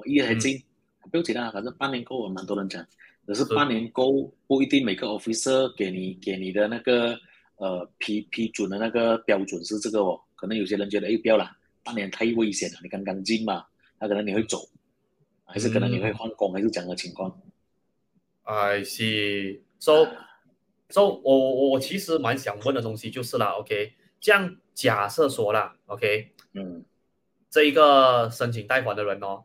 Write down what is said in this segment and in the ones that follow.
意係進，唔緊要啊，反正半年夠我蠻多人講，可是半年夠不一定每個 officer 給你給你的那個，呃批批准的那個標準是這個哦，可能有些人覺得誒不要啦，半年太危險了，你剛剛進嘛，他可能你會走，還是可能你會換工，嗯、還是怎樣的情況。係，so so，我我其實蠻想問的東西就是啦，OK，咁樣假設説啦，OK，嗯，這一個申請貸款的人哦。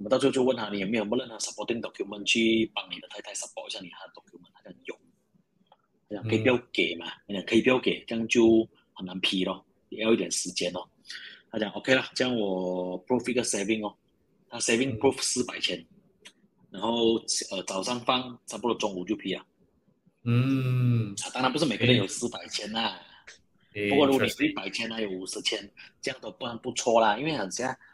我們到最就問他，你有沒有冇任何 supporting document 去幫你的太太 support 一下你他的 document 他。他講有，佢可以表給嘛？可以表給、嗯、給，這樣就很難批咯，也要一點時間咯。他講 OK 啦，這樣我 proof 一個 saving 哦，他 saving proof 四百千、嗯，然後呃，早上放，差不多中午就批啊。嗯。他當然不是每個人有四百千啦、嗯，不過如果你是一百千，還有五十千，這樣都不然不錯啦，因為很像。